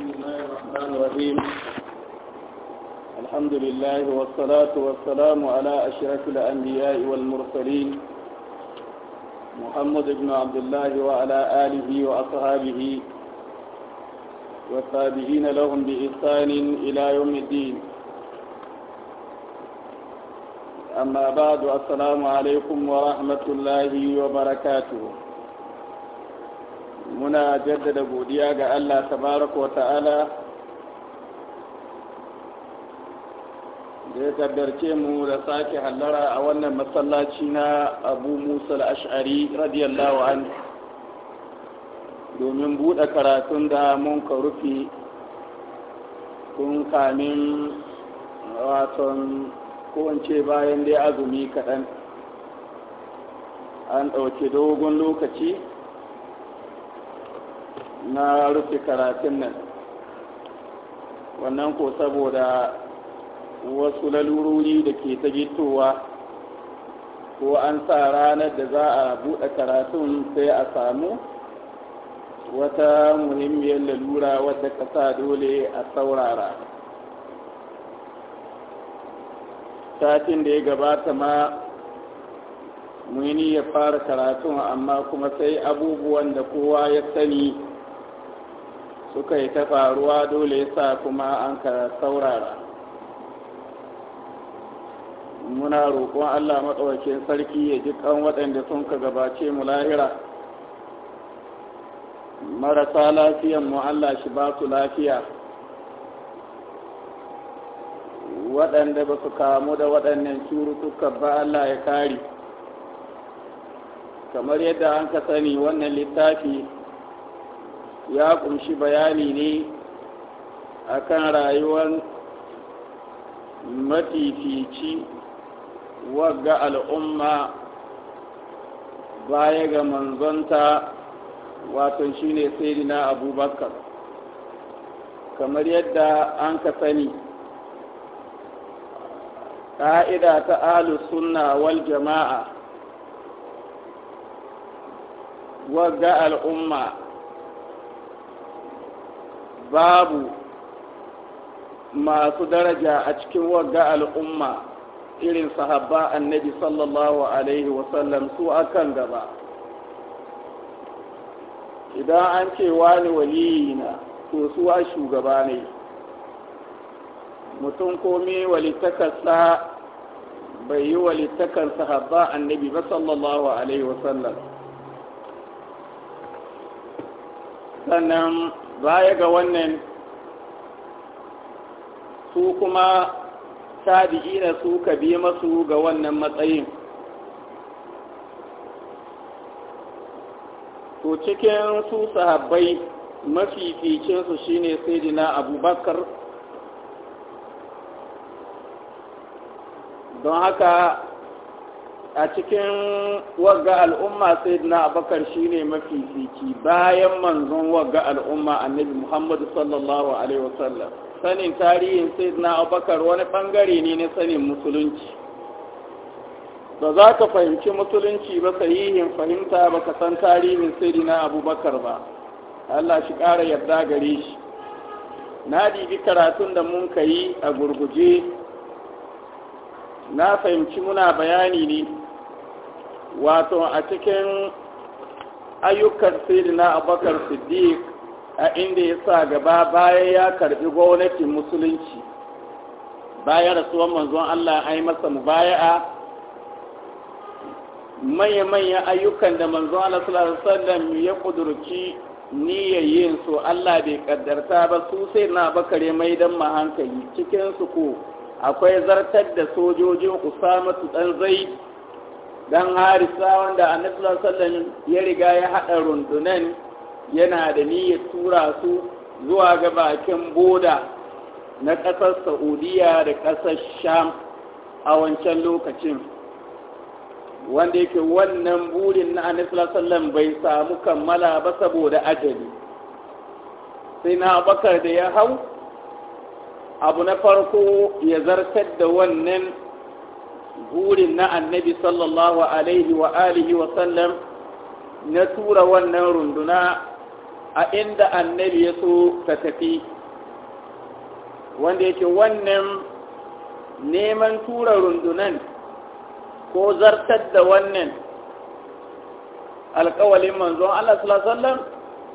بسم الله الرحمن الرحيم الحمد لله والصلاة والسلام على أشرف الأنبياء والمرسلين محمد بن عبد الله وعلى آله وأصحابه والتابعين لهم بإحسان إلى يوم الدين أما بعد السلام عليكم ورحمة الله وبركاته muna jaddada godiya ga Allah tabaraka wa ta'ala da ya kaddarce mu da sake hallara a wannan masallaci na abu musa al-ash'ari radiyallahu an domin buɗe karatun da mun ka rufi, kun kamin waton kowance bayan dai azumi kaɗan an ɗauki dogon lokaci na rufe karatun nan wannan ko saboda wasu lalurori da ke ta gitowa ko an sa ranar da za a buɗe karatun sai a samu wata muhimmiyar lalura wadda ka sa dole a saurara satin da ya gabata ma muni ya fara karatun amma kuma sai abubuwan da kowa ya sani suka yi ta faruwa dole yasa kuma an ka saurara muna roƙon allah maɗaukakin sarki ya ji kan waɗanda sun ka gabace mu lahira marasa lafiyan mu allah shi ba su lafiya waɗanda ba su kamu da waɗannan curutuka ba allah ya kare kamar yadda an ka sani wannan littafi ya kunshi bayani ne akan rayuwar matifici wagga al'umma baya ga manzonta wato shine sayyidina abubakar kamar yadda an ka sani ƙa'ida ta alu sunna wal jama'a wagga al'umma babu masu daraja a cikin wagga al'umma irin sahabba annabi sallallahu alaihi wasallam su akan gaba idan an ce wani waliyina ko to su a shugaba ne mutum komi walittakarsa bai yi walittakan sahabba annabi ba sallallahu alaihi wasallam sannan baya ga wannan su kuma tabi'ina su ka bi masu ga wannan matsayin to cikin su sahabbai mafificinsu shine sayyidina abubakar don haka a cikin wagga al'umma sai na abakar shi ne mafi fiki bayan manzon wagga al'umma annabi muhammadu sallallahu alaihi wasallam sanin tarihin sai na abakar wani bangare ne na sanin musulunci ba za ka fahimci musulunci ba sahihin fahimta ba ka san tarihin sai na abubakar ba allah shi ƙara yarda gare shi na dibi karatun da mun ka yi a gurguje na fahimci muna bayani ne wato a cikin ayyukan sirina abakar siddiq a inda ya sa gaba bayan ya karbi gwamnatin musulunci bayan rasuwan manzon Allah a yi masa mubaya'a manya-manyan ayyukan da manzon Allah sallallahu alaihi wasallam ya kudurci niyyar su Allah bai kaddarta ba su sai na bakare mai don mahankali cikin Cikinsu ko akwai zartar da sojojin Usama ɗan zai. dan harisa wanda a nufin sallan ya riga ya haɗa rundunan yana da niyyar tura su zuwa ga bakin boda na ƙasar Saudiyya da ƙasar sham a wancan lokacin wanda yake wannan burin na annabi bai samu kammala ba saboda ajali sai na bakar da ya hau abu na farko ya zartar da wannan burin na annabi sallallahu alaihi wa alihi wa sallam na tura wannan runduna a inda annabi ya so ta tafi wanda yake wannan neman tura rundunan ko zartar da wannan alkawalin manzon Allah sallallahu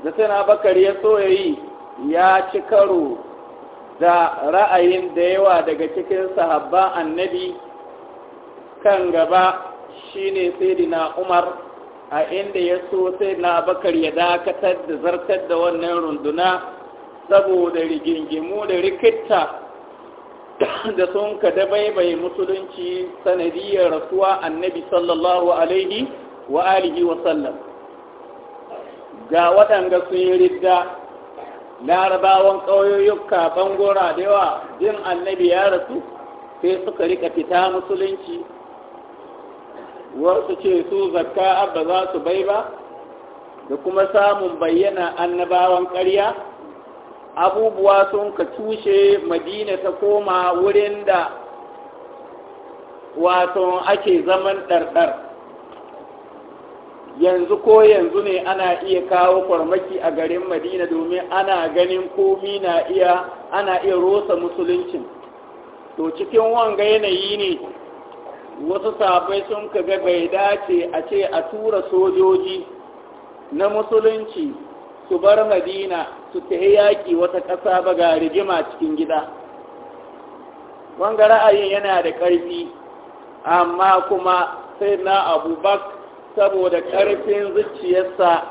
da sai na bakar ya so yi ya ci karo da ra'ayin da yawa daga cikin sahabban annabi kan gaba shine sayyidina Umar a inda ya so sayyidina bakar ya dakatar da zartar da wannan runduna saboda rigingimu da rikitta da sun ka dabaibaye musulunci sanadiyar rasuwa annabi sallallahu alaihi wa alihi wa sallam ga waɗanda sun yi ridda larabawan ƙauyoyuka bangora da yawa jin annabi ya rasu sai suka rika fita musulunci wasu ce su zakka ba za su bai ba da kuma samun bayyana annabawan ƙarya abubuwa sun ka tushe madina ta koma wurin da wato ake zaman ɗarɗar yanzu ko yanzu ne ana iya kawo farmaki a garin madina domin ana ganin komi na iya ana iya rosa musuluncin to cikin wanga yanayi ne wasu safai sun kaga bai dace a ce a tura sojoji na musulunci su bar madina su tahi yaƙi wata ƙasa ba ga rigima cikin gida wanga ra'ayin yana da ƙarfi amma kuma sai na abubak saboda ƙarfin zuciyarsa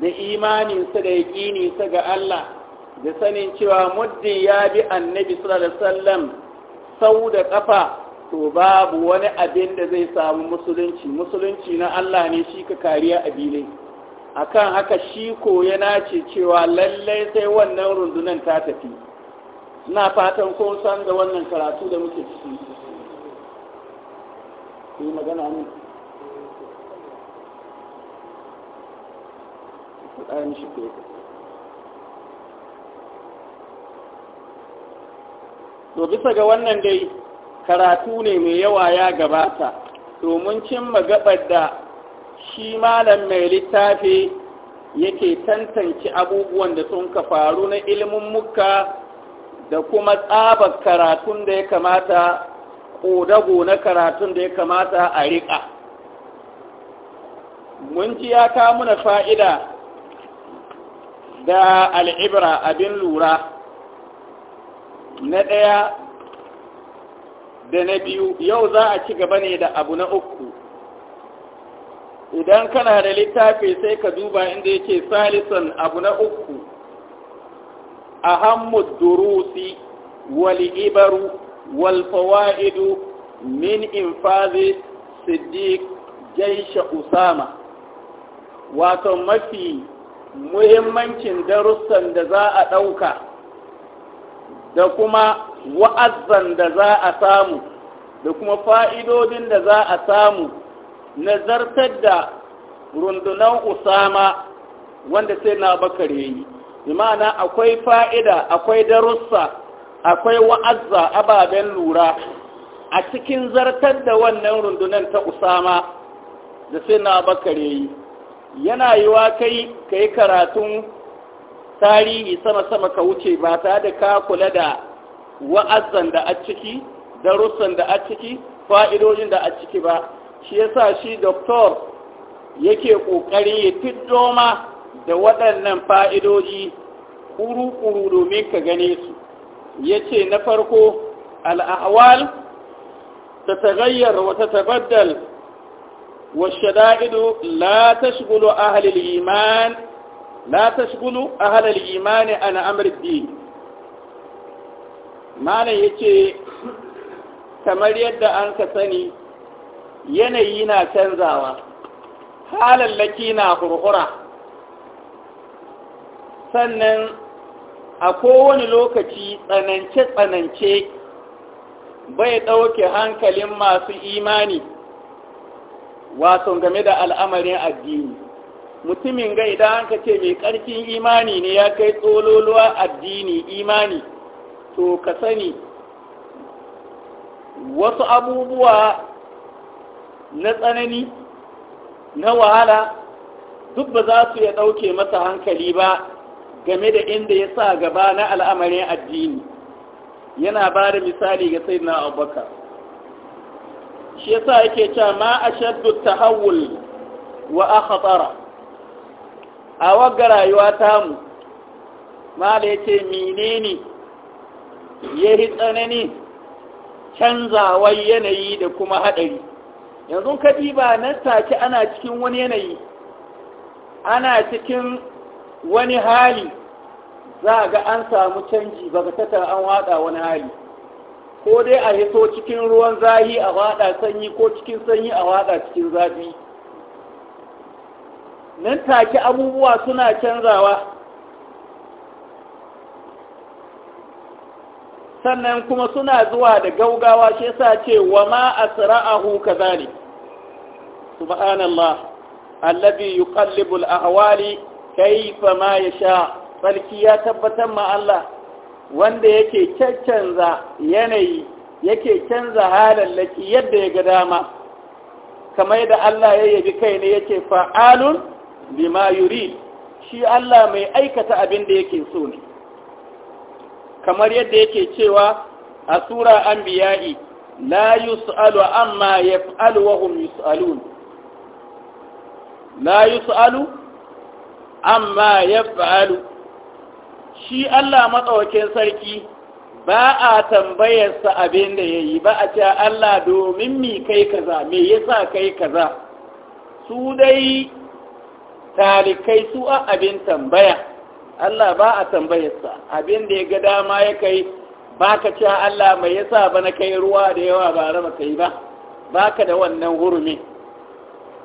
da imaninsa da yaƙininsa ga Allah da sanin cewa muddin ya bi annabi sallallahu alaihi wasallam sau da ƙafa to babu wani abin da zai samu musulunci musulunci na Allah ne shi ka kariya abinai akan haka shi ko yana ce cewa lallai sai wannan rundunan ta tafi na fatan ko san da wannan karatu da muke ciki ku magana ne to bisa ga wannan dai karatu ne mai yawa ya gabata domin cimma magabar da shi malam mai littafi yake tantance abubuwan da sun ka faru na ilimin muka da kuma tsabar karatun da ya kamata ƙodago na karatun da ya kamata a riƙa mun ji ya kamuna fa'ida da al'ibra abin lura na ɗaya da na biyu yau za a ci gaba ne da abu na uku idan kana da littafi sai ka duba inda yake salisan abu na uku ahammu durusi walibaru ibaru wal fawaidu min infazi siddiq jaisha usama wato mafi muhimmancin darussan da za a ɗauka da kuma wa'azzan da za a samu da kuma fa'idodin da za a samu na zartar da rundunan usama wanda sai na bakar yi. imana akwai fa'ida akwai darussa akwai wa'azza ababen lura a cikin zartar da wannan rundunan ta usama da sai na bakar yi. yana yi wa kai ka yi karatun tarihi sama-sama ka wuce ba tare da ka kula da wa'azan da a ciki darussan da a ciki fa'idojin da a ciki ba shi ya sa shi doktor yake ƙoƙari ya fito ma da waɗannan fa'idoji ƙuru-ƙuru domin ka gane su ya ce na farko al'awal ta tagayyar wata tabaddal wa لا la ta shigulo a تشغل imani الإيمان عن malam ya ce kamar yadda an ka sani yanayi na canzawa halallaki na hurhura sannan a kowane lokaci tsanance-tsanance bai ɗauke hankalin masu imani wato game da al'amarin addini mutumin ga idan ka ce mai ƙarfin imani ne ya kai tsololuwa addini imani to ka sani wasu abubuwa na tsanani na wahala duk ba za su ya ɗauke masa hankali ba game da inda ya sa gaba na al'amarin addini yana ba da misali ga sai na abubakar shi ya sa yake cewa ma a shaddu ta hawul wa a hatsara a wagga rayuwa tamu ma da yake menene ya yi tsanani canzawar yanayi da kuma haɗari yanzu ka diba na take ana cikin wani yanayi ana cikin wani hali za ga an samu canji ba tattara an waɗa wani hali ko dai a hito cikin ruwan zahi a waɗa sanyi ko cikin sanyi a waɗa cikin zafi nan take abubuwa suna canzawa sannan kuma suna zuwa da gaugawa shi yasa ce wa ma asra'ahu kadhalik subhanallah alladhi yuqallibu al-ahwali kayfa ma yasha balki ya tabbatar ma Allah wanda yake canza yanayi yake canza halallaki yadda ya ga dama kamar da Allah ya yabi kai ne yake fa'alun bima yurid shi Allah mai aikata abin da yake so ne kamar yadda yake cewa a sura anbiya'i la yus'alu amma ya fi'alu wa hum yus'alun la yus'alu amma ya fi'alu shi Allah matsawakin sarki ba a tambayarsa abin da ya yi ba a ce Allah domin mi kai kaza me yasa kai kaza su dai talikai su a abin tambaya Allah ba a tambayarsa abin da ya ga dama ya kai ba ka ce Allah mai yasa ba na kai ruwa da yawa ba raba kai ba ba ka da wannan hurumi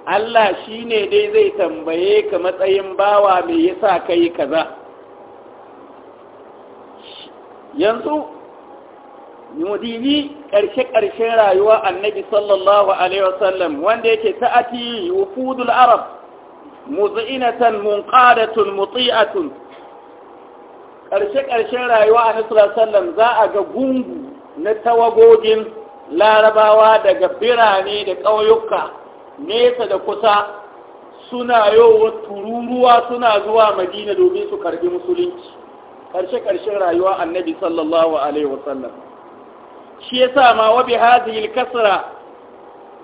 Allah shi ne dai zai tambaye ka matsayin bawa mai yasa ka kaza yanzu mudibi ƙarshe-ƙarshen rayuwa annabi sallallahu alaihi wasallam wanda yake ta'ati wufudul arab muzinatan munqadatun muti'atun ƙarshe-ƙarshen rayuwa a nasarar za a ga gungu na tawagogin larabawa daga birane da ƙauyuka nesa da kusa suna yowa tururuwa suna zuwa madina domin su karbi musulunci ƙarshe-ƙarshen rayuwa annabi sallallahu alaihi wasallam shi ya sa ma wabi hazihil kasra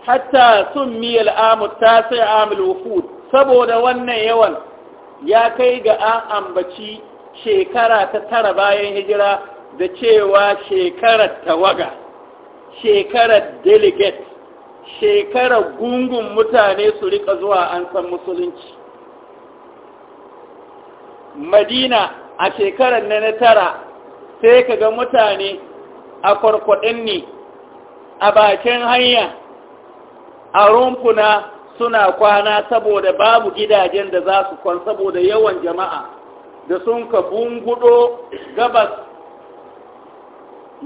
hatta sun miyar amu ta sai amul wufud saboda wannan yawan ya kai ga an ambaci shekara ta tara bayan hijira da cewa shekarar tawaga shekarar delegate shekarar gungun mutane su rika zuwa an san musulunci madina a shekarar na tara sai ka ga mutane a kwarkwadin ne a bakin hanya a rumfuna suna kwana saboda babu gidajen da za su kwan saboda yawan jama'a da sun ka bungudo gabas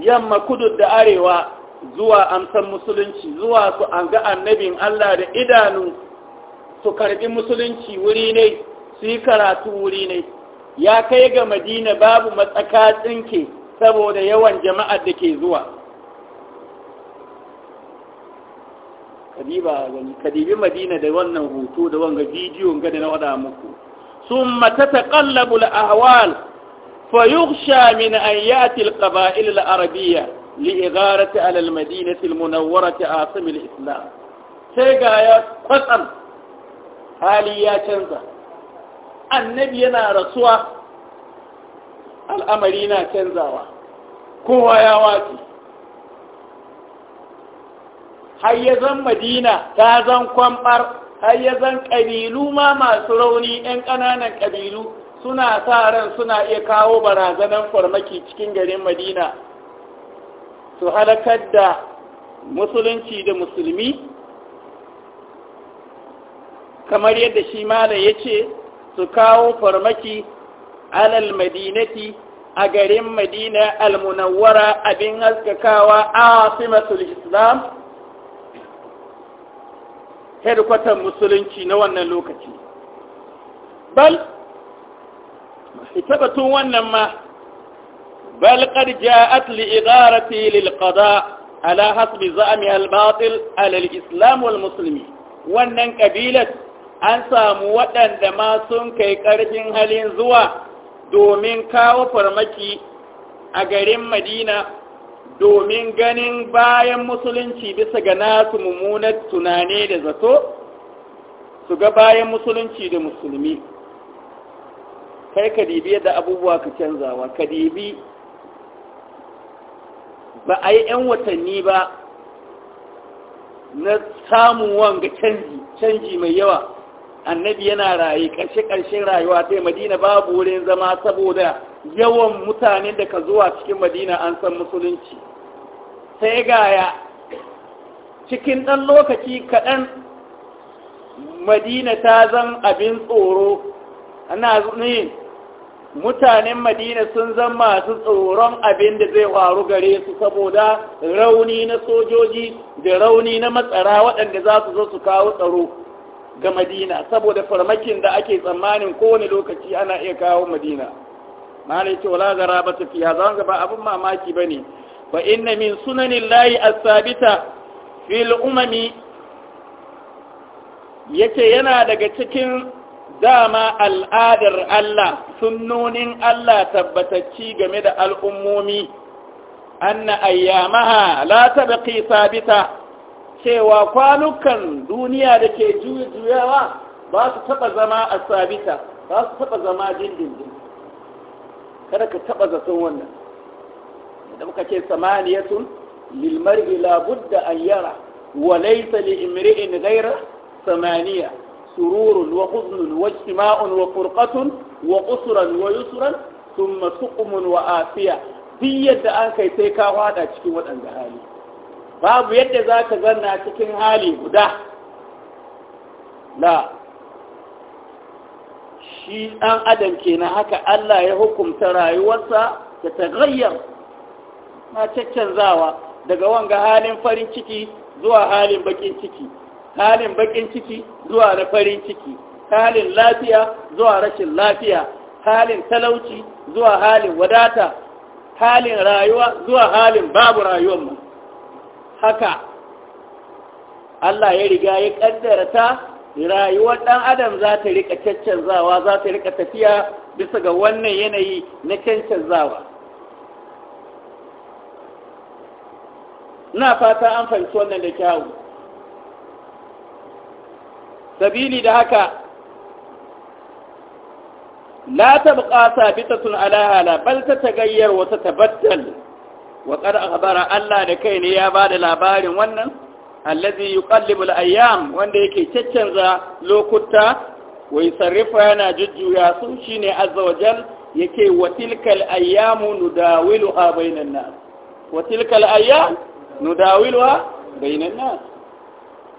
yamma kudu da arewa zuwa amsan musulunci zuwa su an ga annabin Allah da idanu su karbi musulunci wuri ne su yi karatu wuri ne ya kai ga madina babu matsaka tsinke saboda yawan jama'ar da ke zuwa kadiba kadibi madina da wannan hoto da wanga bidiyon ga da na wada muku ثم تتقلب الأهوال فيغشى من أن يأتي القبائل العربية لإغارة على المدينة المنورة عاصم الإسلام سيقى يا قطن hali ya canza annabi yana rasuwa al'amari na canzawa kowa ya wace har ya zan madina ta zan kwambar har ya zan ƙabilu ma masu rauni 'yan ƙananan ƙabilu suna sa ran suna iya kawo barazanan farmaki cikin garin madina su halakar da musulunci da musulmi kamar yadda shi mala ya ce su kawo farmaki alal madinati a garin madina munawara abin haskakawa a islam hedkwatan musulunci na wannan lokaci bal tabbatun wannan ma bal qad ja'at li idarati lil qada ala hasbi za'mi al batil ala al islam wal muslimi wannan kabilat an samu waɗanda ma sun kai ƙarfin halin zuwa domin kawo farmaki a garin madina domin ganin bayan musulunci bisa ga nasu mummunar tunane da zato su ga bayan musulunci da musulmi kai ka dibi yadda abubuwa ka canzawa ka dibi ba a yi 'yan watanni ba na samun wanga canji mai yawa annabi yana raye ƙarshe ƙarshen rayuwa sai madina babu wurin zama saboda yawan mutanen da ka zuwa cikin madina an san musulunci sai gaya cikin ɗan lokaci kaɗan madina ta zan abin tsoro ana ne mutanen madina sun zan masu tsoron abin da zai faru gare su saboda rauni na sojoji da rauni na matsara waɗanda za su zo su kawo tsaro ga madina saboda farmakin da ake tsammanin kowane lokaci ana iya kawo madina malai ce wala gara ba tafiya za ba abin mamaki ba ne ba inna min sunanin layi a sabita fil umami yake yana daga cikin dama al'adar Allah sunnonin Allah tabbatacci game da al'ummomi anna ayyamaha la baƙi sabita cewa kwanukan duniya da ke juyawa ba su taɓa zama a sabita ba su taɓa zama dindindin kada ka taɓa zaton wannan da muka ce samaniyatun lilmar labudda an yara wa laisa li imri'in gaira samaniya sururun wa huznun wa jima'un wa furqatun wa usran wa yusran thumma suqumun wa afiya duk yadda an kai sai ka hada cikin waɗanda hali babu yadda za ka zanna cikin hali guda la shi ɗan adam kenan haka Allah ya hukumta rayuwarsa ta tagayyar na caccanzawa daga wanga halin farin ciki zuwa halin bakin ciki halin bakin ciki zuwa na farin ciki halin lafiya zuwa rashin lafiya halin talauci zuwa halin wadata halin rayuwa zuwa halin babu rayuwar mu haka Allah ya riga ya kaddara ta rayuwar ɗan adam za ta rika caccanzawa za ta rika tafiya bisa ga wannan yanayi na zawa. na fata an fahimci wannan da kyawu sabili da haka la tabqa sabitatun ala hala bal tatagayyar wa tatabaddal wa qad Allah da kai ne ya ba da labarin wannan allazi yuqallibu al-ayyam wanda yake caccanza lokuta Wai yusarrifa yana jujjuya su shine azza wa yake watilkal ayyamu nudawiluha bainan nas Watilkal ayyam nudawiluha bainan nas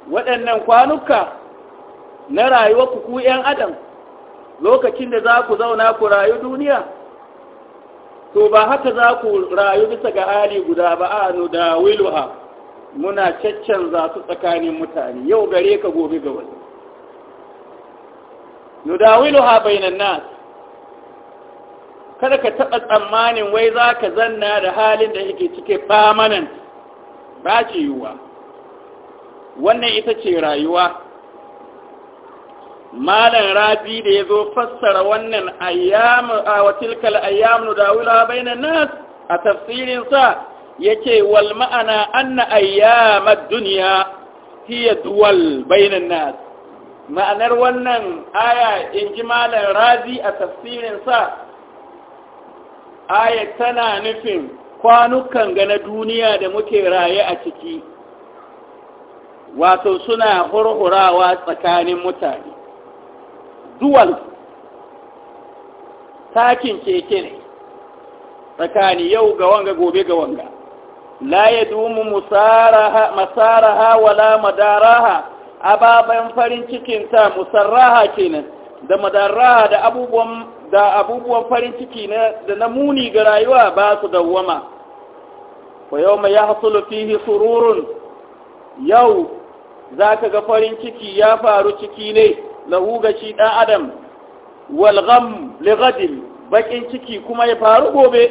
waɗannan kwanuka na rayuwa ku ku 'yan adam lokacin da za ku zauna ku rayu duniya to ba haka za ku rayu bisa ga hali guda ba a nu da wiluha muna caccan za su tsakanin mutane yau gare ka gobe ga wani nudawiluha bainan nas kada ka taɓa tsammanin wai za ka zanna da halin da yake cike famanan ba ce yiwuwa wannan ita ce rayuwa malam rabi da ya zo fassara wannan ayyamu a watilkal ayyamu da bainan nas a tafsirinsa yake wal ma'ana anna ayyamad dunya hiya duwal bainan nas ma'anar wannan aya inji malam razi a sa aya tana nufin kwanukan ga na duniya da muke raye a ciki wato suna hurhurawa tsakanin mutane duwal takin keke ne tsakani yau ga wanga gobe ga wanga la ya dumu masaraha wala madaraha ababen farin cikinta musarraha kenan da madaraha da abubuwan da abubuwan farin ciki na da na muni ga rayuwa ba su dawwama mai yawma yahsulu fihi sururun yau za ka ga farin ciki ya faru ciki ne lahu ga shi ɗan adam Walgam gham bakin ciki kuma ya faru gobe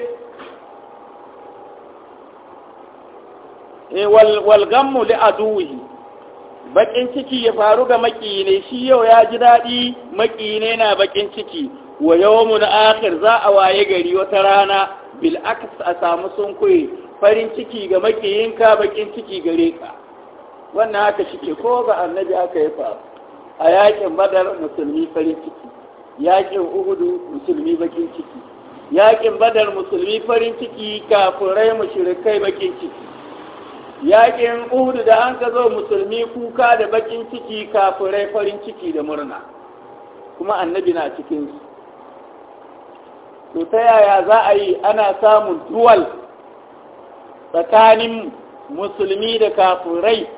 e wal wal li aduhi bakin ciki ya faru ga makine shi yau ya ji daɗi makine na bakin ciki wa yawmun akhir za a waye gari wata rana bil aks a samu sunkuye farin ciki ga makiyinka bakin ciki gare ka wannan haka shi ke ko ga annabi haka ya faru a yakin badar musulmi farin ciki yakin uhudu musulmi bakin ciki yakin badar musulmi farin ciki kafirai mushrikai bakin ciki yakin uhudu da an ka zo musulmi kuka da bakin ciki kafirai farin ciki da murna kuma annabi na cikin su to ta yaya za a yi ana samun duwal tsakanin musulmi da kafirai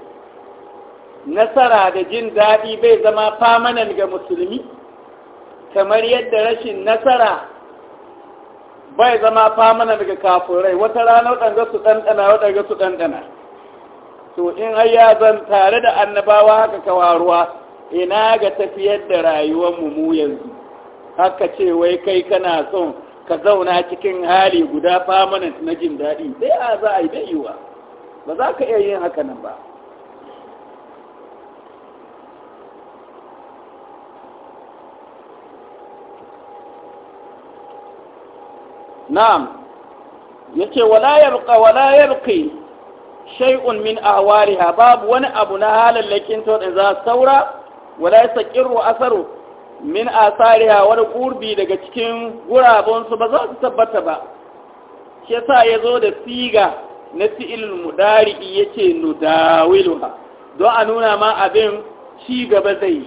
nasara da jin daɗi bai zama famanan ga musulmi kamar yadda rashin nasara bai zama famanan ga kafurai wata rana waɗanda su ɗanɗana waɗanda su ɗanɗana to in har zan tare da annabawa haka kawaruwa ina ga tafiyar da rayuwarmu mu yanzu haka ce wai kai kana son ka zauna cikin hali guda famanan na jin daɗi sai a za a yi ba za ka iya yin haka nan ba na'am yace wala yabqa wala yabqi shay'un min ahwariha babu wani abu na halallakin to din za saura wala yasaqiru asaru min asariha wani kurbi daga cikin gurabun su ba za su tabbata ba shi yasa yazo da siga na fi'il mudari yace nudawiluha don a nuna ma abin ci gaba zai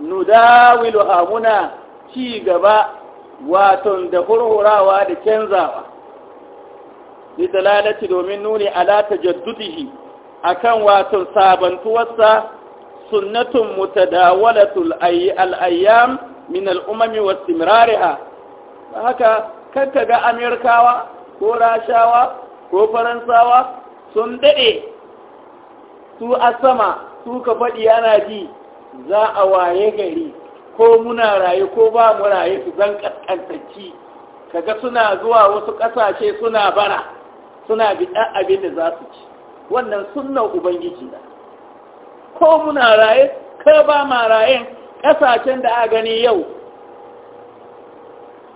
nudawiluha muna ci gaba waton da hurhurawa da canzawa da dalalati domin nuni ala tajaddudihi akan waton sabantuwarsa sunnatun mutadawalatul al-ayyam min al-umami wastimrariha haka kanka ga amirkawa ko rashawa ko faransawa sun dade su a sama su ka faɗi ana ji za a waye gari ko muna raye ko ba mu raye su zan kaskantacci kaga suna zuwa wasu ƙasashe suna bara suna biɗa abin da za su ci wannan sunnan ubangiji na ko muna raye ka ba ma rayu ƙasashen da a gani yau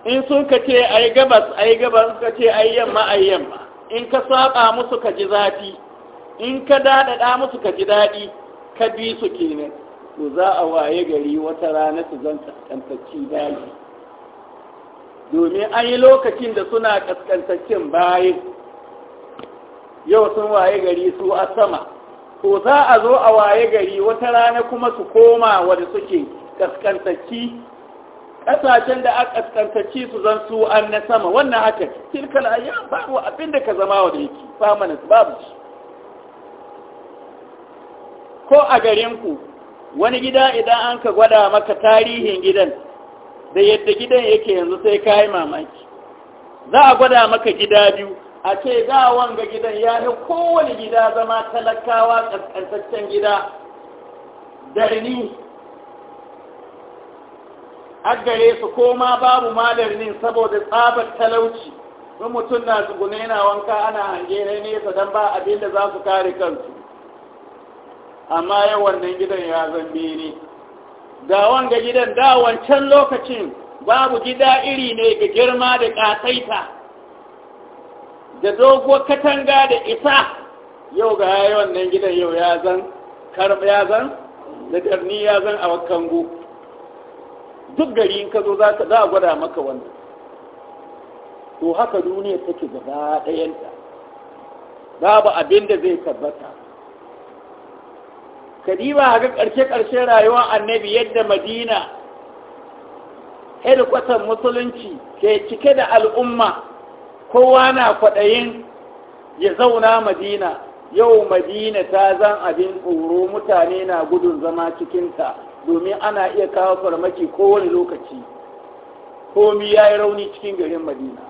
in sun ka ce a yi gabas a yi gabas ka ce a yi yamma a yi yamma in ka saba musu ka ji zafi in ka daɗaɗa musu ka ji daɗi ka bi su kenan to za a waye gari wata rana su zan kaskantacci bayi domin an yi lokacin da suna kaskantaccen bayi yau sun waye gari su a sama to za a zo a waye gari wata rana kuma su koma wadda suke kaskantacci ƙasashen da aka kaskantacci su zan su an na sama wannan haka tilkal ayyam babu abin da ka zama wa da yake famanin babu ko a garinku wani gida idan an ka gwada maka tarihin gidan da yadda gidan yake yanzu sai ka yi mamaki za a gwada maka gida biyu a ce ga wanga gidan ya fi kowane gida zama talakawa ƙasƙantaccen gida darni aggare su ko babu malarnin saboda tsabar talauci in mutum na tsugune na wanka ana hange na nesa don ba abin da za su kare kansu amma yau wannan gidan ya zan bene ga wanga gidan da wancan lokacin babu gida iri ne ga girma da ƙasaita da doguwar katanga da isa yau ga yayi wannan gidan yau ya zan karɓa ya zan da ƙarni ya zan a kango duk gari in ka zo za a gwada maka wannan to haka duniya take gaba ɗayanta babu abin da zai tabbata kadiba ga karshe ƙarshen rayuwar annabi yadda madina hedkwatan musulunci ke cike da al'umma kowa na kwaɗayin ya zauna madina yau madina ta zan abin tsoro mutane na gudun zama cikinta domin ana iya kawo farmaki kowane lokaci komi ya yi rauni cikin garin madina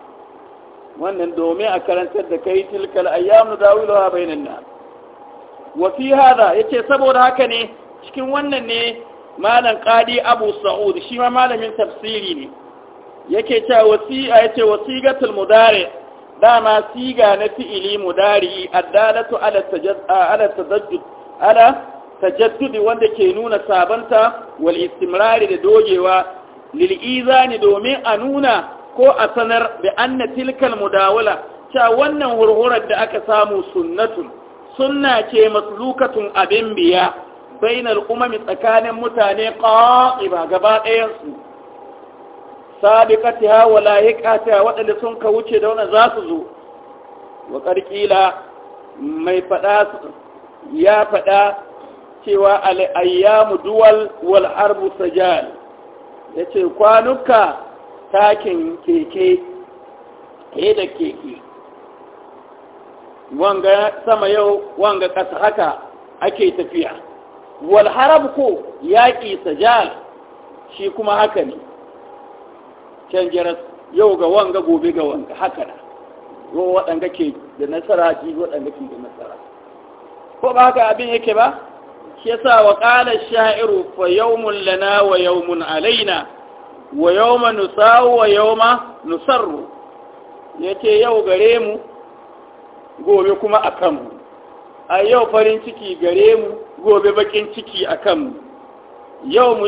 wannan domin a karantar da kai tilkal ayyamu dawilawa bainan nan wasiha fi ya yace saboda haka ne cikin wannan ne malam ƙadi abu sa'ud shi ma malamin tafsiri ne yake cewa wasi'a yace wasigatul mudare dama siga na fi'ili mudari addalatu ala tajad ala tajaddu wanda ke nuna sabanta wal istimrari da dogewa lil izani domin a nuna ko a sanar da anna tilkal mudawala cewa wannan hurhurar da aka samu sunnatun sunna ce maslukatun abin biya bainal umami tsakanin mutane qa'iba gaba ɗayan su sabiqatiha wa lahiqatiha waɗanda sun ka wuce da wani za su zo wa ƙarƙila mai faɗa ya faɗa cewa al ayyamu duwal wal harbu sajal yace kwanuka takin keke da keke wanga sama yau wanga ƙasa haka ake tafiya wal harab ko yaƙi sajal shi kuma haka ne can yau ga wanga gobe ga wanga haka da yau waɗanda ke da nasara ji waɗanda ke da nasara ko ba haka abin yake ba shi yasa wa qala shairu fa yawmun lana wa yawmun alaina wa yawma nusawu wa yawma nusarru yace yau gare mu gobe kuma a kanmu a yau farin ciki gare mu gobe bakin ciki a kanmu yau mu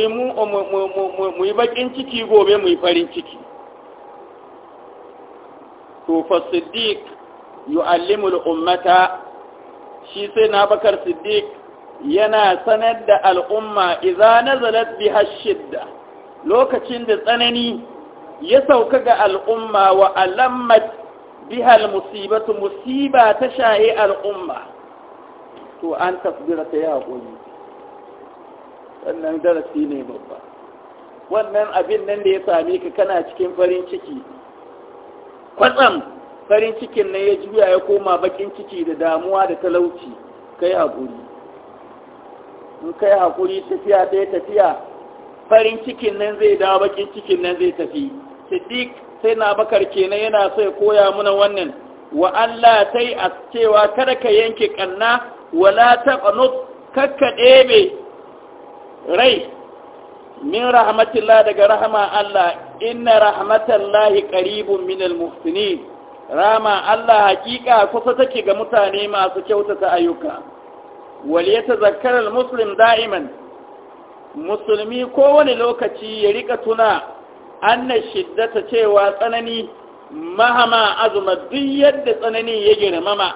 yi bakin ciki gobe mu yi farin ciki to fa yi yu'allimul ummata shi sai na bakar siddiq yana sanar da al'umma iza nazalat hashidda lokacin da tsanani ya sauka ga al'umma wa alammat bihal musibatu musiba ta shaye al'umma to an tafbira ta yi haƙuri wannan darasi ne babba wannan abin nan da ya same ka kana cikin farin ciki kwatsam farin cikin nan ya juya ya koma bakin ciki da damuwa da talauci kai hakuri. in kai hakuri, tafiya ta tafiya farin cikin nan zai dawo bakin cikin nan zai tafi siddiq sai na bakar kenan yana so ya koya muna wannan wa Allah tai a cewa kada ka yanke kanna wala taqnut kakka ɗebe rai min rahmatillah daga rahama Allah inna rahmatallahi qaribun minal muhsinin rama Allah hakika kusa take ga mutane masu kyautata ayyuka wal yatazakkara al muslim da'iman musulmi kowane lokaci ya rika tuna anna shiddata cewa tsanani mahama azuma duk yadda tsanani ya girmama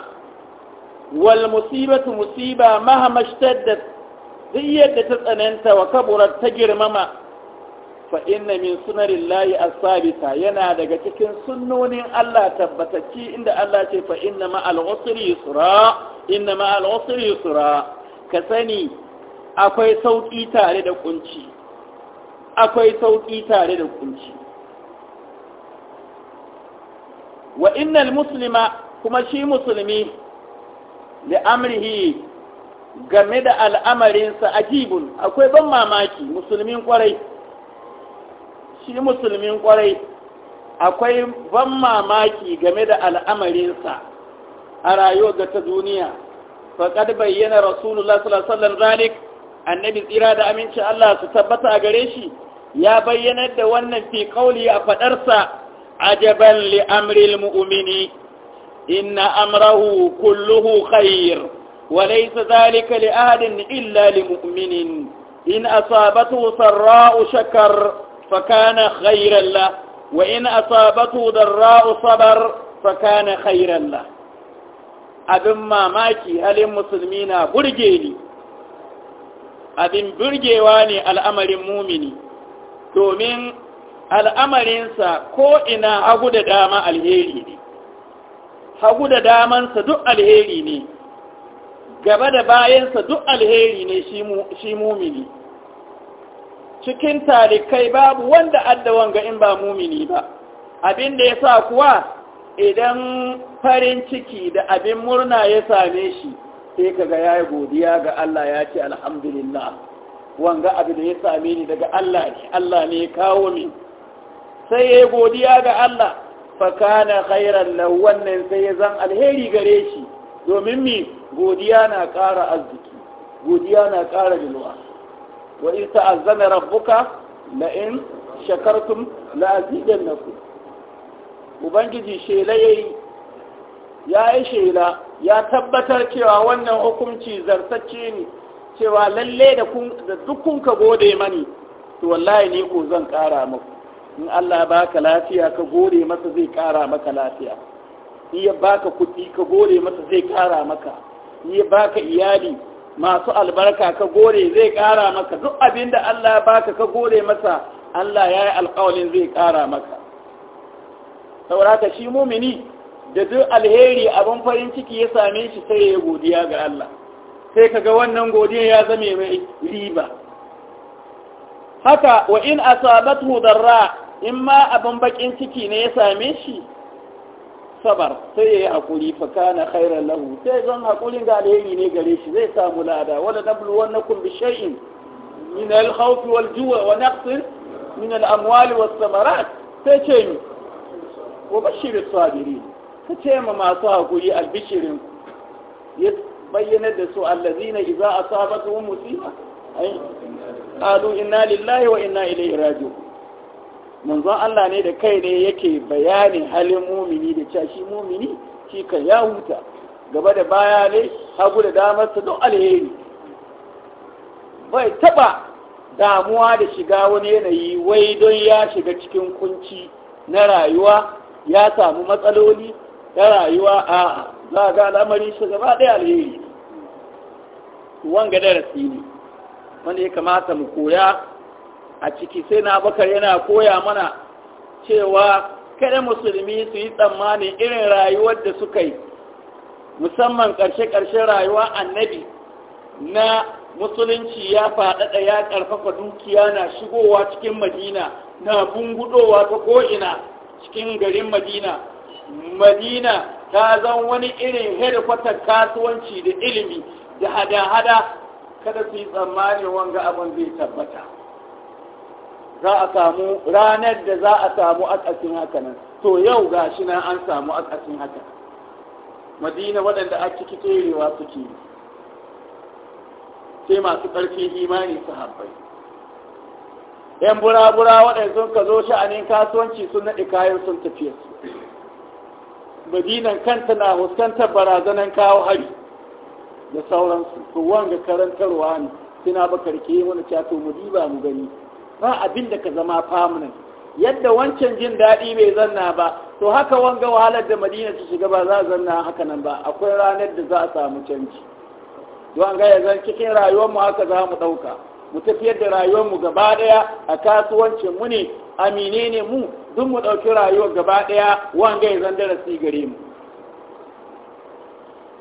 wal musibatu musiba mahama shtaddat duk yadda ta tsananta wa kaburar ta girmama fa inna min sunarillahi as Asabita, yana daga cikin sunnonin Allah tabbatacci inda Allah ce fa inna ma'al usri yusra inna ma'al usri yusra ka sani akwai sauki tare da kunci akwai sauƙi tare da kunci wa innal muslima kuma shi musulmi da amrihi game da al'amarinsa ajibun akwai ban mamaki musulmin kwarai shi musulmin kwarai akwai ban mamaki game da al'amarinsa a rayuwa ta duniya faƙad bayyana rasulullah sallallahu alaihi wasallam annabi tsira da aminci Allah su tabbata a gare shi ya bayyanar da wannan fi kauli a fadarsa ajaban li amril mu'mini inna amrahu kulluhu khair wa laysa dhalika li ahadin illa li mu'minin in asabatu sarra'u shakar fa kana khairan la wa in asabatu darra'u sabar fa kana khairan la abin mamaki halin musulmina na burge ni abin birgewa ne al'amarin mumini domin al'amarinsa ko'ina hagu da dama alheri ne hagu da damansa duk alheri ne gaba da bayansa duk alheri ne shi mumini cikin talikai babu wanda addawan ga in ba mumini ba abin da ya sa kuwa idan farin ciki da abin murna ya same shi sai ya yi godiya ga Allah ya ce alhamdulillah wanga abu da ya same ni daga Allah ne Allah ne ya kawo ni sai ya yi godiya ga Allah fa na khairan law wannan sai ya zan alheri gare shi domin mi godiya na ƙara arziki godiya na kara jinuwa wa in ta'azzana rabbuka la in shakartum la azidannakum ubangiji shela yayi ya yi shela ya tabbatar cewa wannan hukunci zartacce ne cewa lalle da duk kun ka gode mani to wallahi ne ko zan ƙara maka in Allah baka lafiya ka gode masa zai ƙara maka lafiya iya baka kuɗi ka gode masa zai ƙara maka iya baka iyali masu albarka ka gode zai ƙara maka duk abin da Allah baka ka gode masa Allah ya yi alƙawalin zai kara maka saurata shi mumini da duk alheri abin farin ciki ya same shi sai ya godiya ga Allah sai kaga wannan godiya ya zame mai riba haka wa in asabathu darra in ma abin bakin ciki ne ya same shi sabar sai ya yi hakuri fa kana khairan lahu sai zan hakurin ga alheri ne gare shi zai samu lada wala wannakum bi shay'in min al wal-ju'i wa naqsin min al-amwali was-samarat sai ce ni wa bashir as-sabirin ku ce ma masu haƙuri albishirin ya bayyana da su allazina idza asabatuhum musiba ai qalu inna lillahi wa inna ilaihi raji'un manzon Allah ne da kai ne yake bayanin halin mumini da cewa shi mumini shi ka ya huta gaba da baya ne hagu da damar su don alheri bai taba damuwa da shiga wani yanayi wai don ya shiga cikin kunci na rayuwa ya samu matsaloli Ya rayuwa a za ga al'amari shi gaba ɗaya alheri wanga darasi ne wanda ya kamata mu koya a ciki sai na bakar yana koya mana cewa kada musulmi su yi tsammani irin rayuwar da suka yi musamman ƙarshe-ƙarshen rayuwa annabi na musulunci ya faɗaɗa ya ƙarfafa dukiya na shigowa cikin madina na bungudowa ta ko'ina cikin garin madina madina ta zan wani irin hedikwatar kasuwanci da ilimi da hada-hada kada su yi tsammanin wanga abin zai tabbata za a samu ranar da za a samu akasin nan, to yau ga shi nan an samu akasin haka madina waɗanda a ciki tserewa suke sai masu ƙarfin imani su habbai yan bura waɗanda sun ka zo sha'anin kasuwanci sun naɗi kayan sun tafiya su madinan kanta na huskanta barazanan kawo hari da sauransu to wanga karantarwa ne suna ba ke wani cato mu diba mu gani ba abin da ka zama famuna yadda wancan jin daɗi bai zanna ba to haka wanga wahalar da madina ta shiga ba za a zanna haka nan ba akwai ranar da za a samu canji don ga ya zan cikin rayuwarmu haka za mu ɗauka mu tafiyar da rayuwarmu gaba ɗaya a kasuwancin mu ne amine ne mu duk mu ɗauki rayuwa gaba ɗaya wanga ya zan darasi gare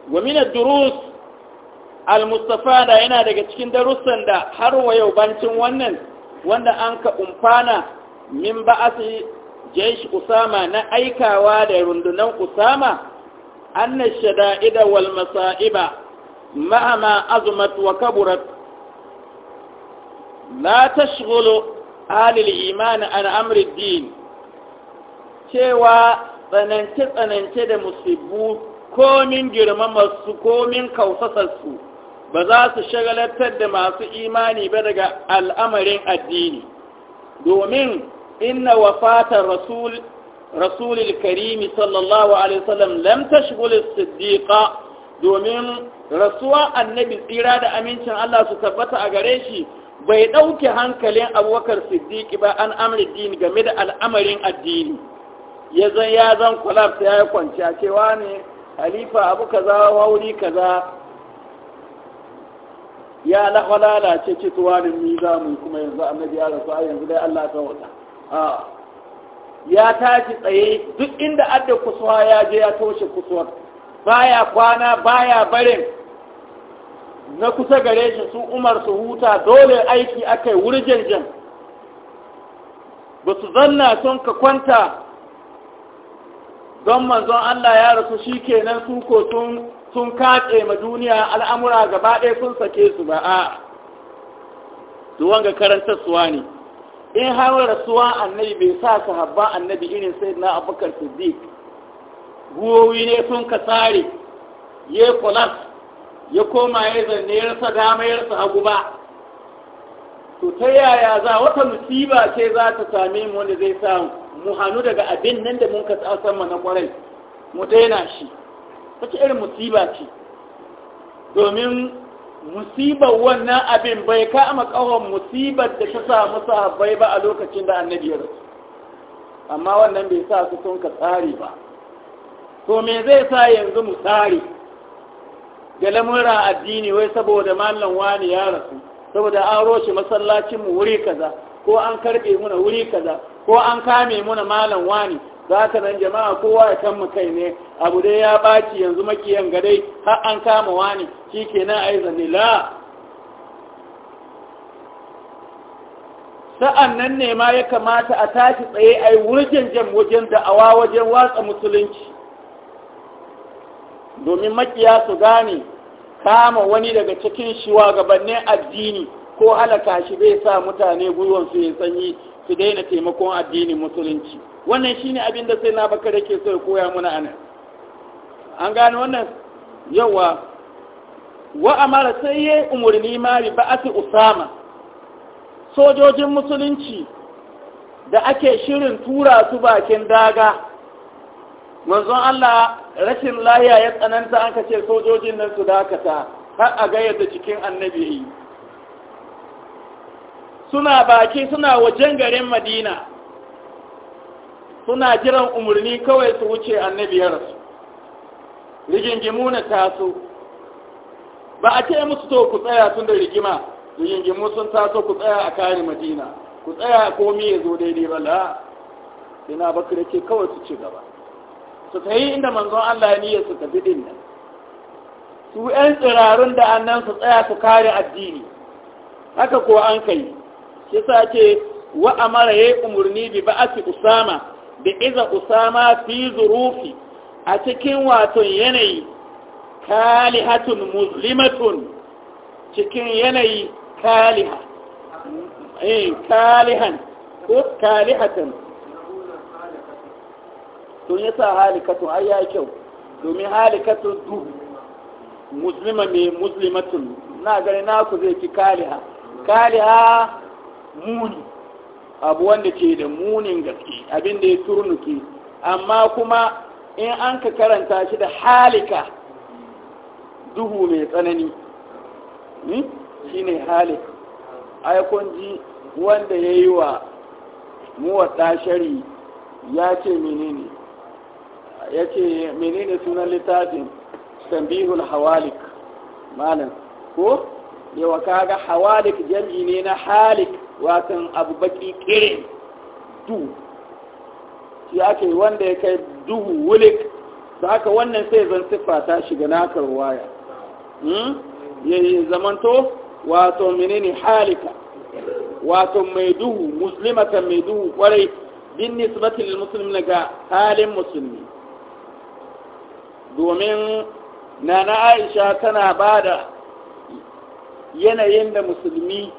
mu durus al da yana daga cikin darussan da har wa yau bancin wannan wanda an ka umfana min ba'asi jeshi usama na aikawa da rundunan usama na shada'ida wal masa'iba ma'ama azumat wa kaburat la tashghulu ahli al-iman an amri ad cewa tsanance-tsanance da musibbu komin girmamarsu komin kausasarsu ba za su shagalantar da masu imani ba daga al'amarin addini domin inna wafatar rasul rasulil karimi sallallahu alaihi wasallam lam tashghul as-siddiqa domin rasuwa annabi tsira da amincin Allah su tabbata a gare shi bai dauke hankalin abubakar siddiqi ba an amri din game da al'amarin addini ya zan ya zan collapse ya yi kwanciya cewa ne halifa abu kaza wauri kaza ya lalace ce tuwa da ni za mu kuma yanzu annabi ya rasu a yanzu dai Allah ta wata ya tashi tsaye duk inda adda kusuwa ya je ya toshe kusuwar baya kwana baya barin na kusa gare shi su umar su huta dole aiki akai wurjin jin ba su zanna sun ka kwanta don manzon Allah ya rasu shi kenan su ko sun katse ma duniya al'amura gaba ɗaya sun sake su ba a tuwon karantar suwa ne in har rasuwa annabi bai sa su habba annabi irin sai na abubakar siddiq guwowi ne sun ka tsare ya kulas ya koma ya zanne ya rasa dama ya rasa hagu ba to ta yaya za wata musiba ce za ta same mu wanda zai samu mu hannu daga abin nan da mun kasa tsasan mana kwarai mu daina shi wace irin musiba ce domin musibar wannan abin bai kama kawon musibar da ta samu sahabbai ba a lokacin da annabi ya rasu amma wannan bai sa su sun ka tsari ba to me zai sa yanzu mu tsari ga lamura addini wai saboda mallan wani ya rasu saboda an roshe masallacin mu wuri kaza ko an karbe muna wuri kaza ko an kame muna malam wani za ka nan jama'a kowa ya kan kai ne abu dai ya baci yanzu makiyan gadai har an kama wani shi ke nan a yi zanila sa'an nan ne ma ya kamata a tashi tsaye a yi wurgen jan wajen da'awa wajen watsa musulunci domin makiya su gane kama wani daga cikin shiwa gabanin addini ko halaka shi bai sa mutane su ya sanyi su daina taimakon addinin musulunci wannan shine abin da sai na bakar yake so ya koya muna anan an gane wannan yawa wa amara sai ya umarni mari ba'ati usama sojojin musulunci da ake shirin tura su bakin daga manzon Allah rashin lahiya ya tsananta an kace sojojin nan su dakata har a ga yadda cikin annabi suna baki suna wajen garin madina suna jiran umarni kawai su wuce annabiyarsu rigingimu na taso ba a ce musu to ku tsaya sun da rigima rigingimu sun taso ku tsaya a kare madina ku tsaya komi ya zo daidai ba la ina da yake kawai su ci gaba su tayi inda manzon Allah ne su tafi din nan su ƴan tsirarun da annan su tsaya su kare addini haka ko an kai shi sa ce wa amara ya umarni bi ba'ati usama da iza usama fi zurufi a cikin wato yanayi kalihatun muslimatun cikin yanayi kaliha eh kalihan ko kalihatan tun yasa halikatun ai ya kyau domin halikatun du muslima mai muslimatun na gani naku zai ki kaliha kaliha muni abu wanda ke da munin gaske abin da ya turnuke amma kuma in an ka karanta shi da halika duhu mai tsanani hmm? shi ne halik aikunji wanda ya yi wa muwatsa shari ya ce menene ya ce menene sunan littafin tambihul hawalik malam ko yawa kaga hawalik jam'i ne na halik watan abu baki kirin du shi ake wanda ya kai duhu wulik da haka wannan sai zan siffa ta shiga nakar waya hmm? ya zamanto wato menene halika wato mai duhu muslimata mai duhu kwarai bin nisbatin lil daga halin musulmi domin nana aisha tana bada. yanayin da musulmi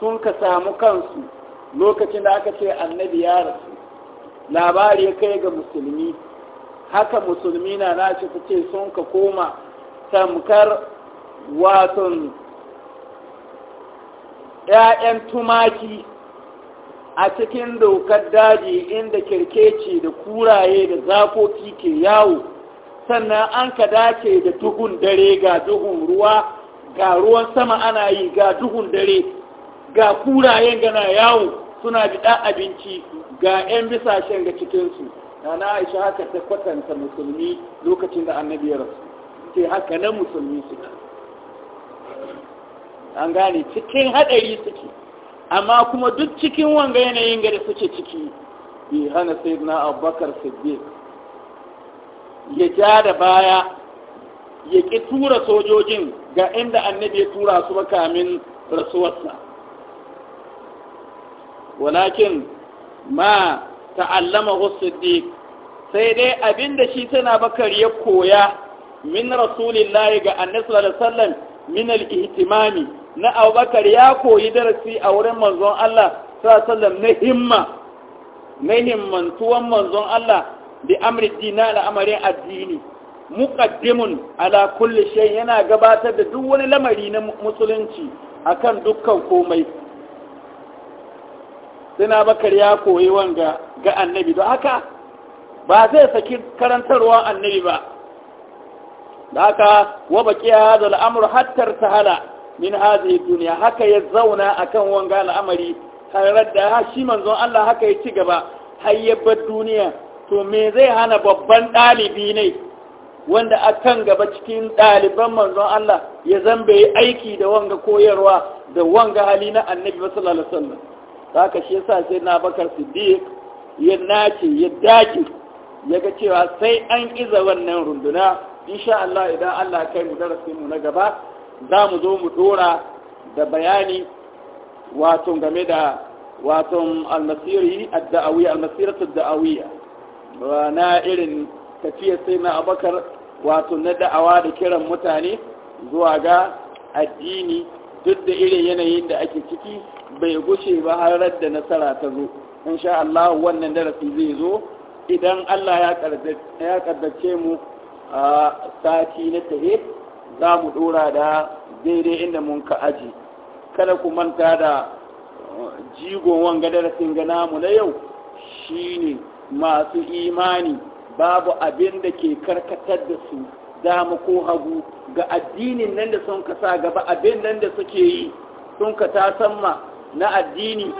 sun ka samu kansu lokacin da aka ce annabi ya rasu labari ya kai ga musulmi haka musulmi na nace ta ce sun ka koma tamkar waton ‘ya'yan tumaki a cikin dokar daji inda kirkeci da kuraye da zakoki ke yawo sannan an ka dace da duhun dare ga duhun ruwa ga ruwan sama ana yi ga duhun dare ga kurayen gana yawo suna biɗa abinci ga 'yan bisa bisashen ga cikinsu na aisha haka ta kwatanta musulmi lokacin da annabi ya rasu ce haka na musulmi suke an gane cikin haɗari suke amma kuma duk cikin wanga yanayin gari suke ciki bi hana sai na abubakar siddiq ya ja da baya ya ƙi tura sojojin ga inda annabi ya tura su kamin rasuwarsa walakin ma ta'allama siddiq sai dai abin da shi tana bakar ya koya min rasulillahi ga annabi sallallahu alaihi min al-ihtimami na abubakar ya koyi darasi a wurin manzon Allah sallallahu na himma na himmantuwan manzon Allah bi amri dina al'amarin addini muqaddimun ala kulli shay yana gabatar da duk wani lamari na musulunci akan dukkan komai sina bakar ya koyi wanga ga annabi don haka ba zai saki karantarwa annabi ba da haka wa baki hadha al-amru hatta tahala min hadhihi dunya haka ya zauna akan wanga al'amari har da shi manzon Allah haka ya ci gaba har duniya to me zai hana babban ɗalibi ne wanda a kan gaba cikin ɗaliban manzon Allah ya zambe yi aiki da wanga koyarwa da wanga hali na annabi sallallahu alaihi wasallam ka shi yasa sai na bakar siddiq ya nace ya daki ya ga cewa sai an iza wannan runduna insha Allah idan Allah ya kai mu darasin mu na gaba za mu zo mu dora da bayani wato game da wato al-masiri ad-da'awiyya al-masiratu ad-da'awiyya na irin tafiyar sai na abakar wato na da'awa da kiran mutane zuwa ga addini duk da irin yanayin da ake ciki bai gushe ba har da nasara ta zo In sha Allah wannan darasi zai zo idan Allah ya kaddace mu a sati na tare za mu dora da daidai inda mun ka aji kada ku manta da jigon wanga darasin ga namu na yau shine masu imani babu abin da ke karkatar da su dama ko hagu ga addinin nan da sun kasa gaba abin nan da suke yi sun ka tasamma na addini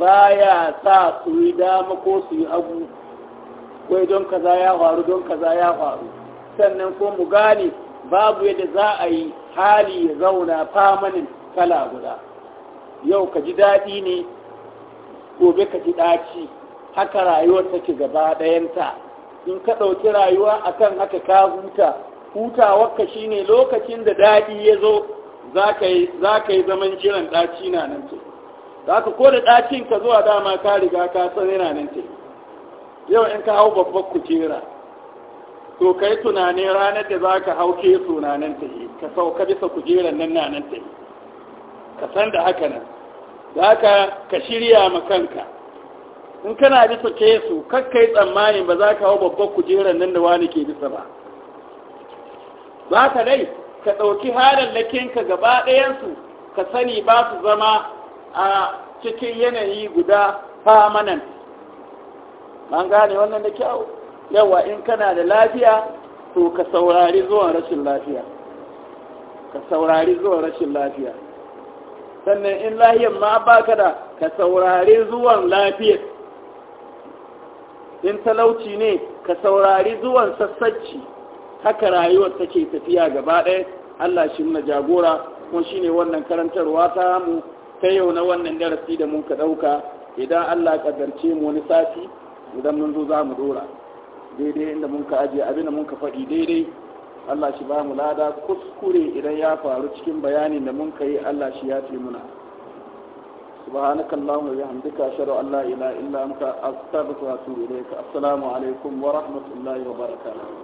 baya sa su yi dama ko su yi hagu wai don kaza ya faru don kaza ya faru sannan ko mu gane babu yadda za a yi hali ya zauna famanin kala guda yau ka ji daɗi ne gobe ka ji ɗaci haka rayuwar take gaba ɗayanta in ka ɗauki rayuwa a kan haka ka huta hutawarka shine lokacin da daɗi ya zo za ka yi zaman jiran ɗaci na nan ce za ka ko da ɗacin ka zuwa dama ka riga ka san yana nan ce yau in ka hau babbar kujera to ka yi tunanin ranar da za ka hau ke tunanin ta yi ka sauka bisa kujeran nan na nan ta yi ka san da haka nan za ka shirya ma kanka in kana bisa kesu kakkai tsammani ba za ka hau babbar kujerar nan da wani ke bisa ba za ka dai ka ɗauki lakinka gaba ɗayansu ka sani ba su zama a cikin yanayi guda famanan an gane wannan da kyau yawa in kana da lafiya to ka saurari zuwan rashin lafiya ka saurari zuwan rashin lafiya sannan in lahiyar ma baka da ka saurari zuwan lafiyar in talauci ne ka saurari zuwan sassacci haka rayuwar take tafiya gaba ɗaya Allah shi na jagora kuma shine wannan karantarwa ta mu ta yau na wannan darasi da mun ka ɗauka idan Allah ƙaddarce mu wani sati idan mun zo za mu dora daidai inda mun ka ajiye abin da mun ka faɗi daidai Allah shi ba mu lada kuskure idan ya faru cikin bayanin da mun ka yi Allah shi ya ce muna سبحانك اللهم وبحمدك أشهد أن لا إله إلا أنت أستغفرك وأتوب إليك السلام عليكم ورحمة الله وبركاته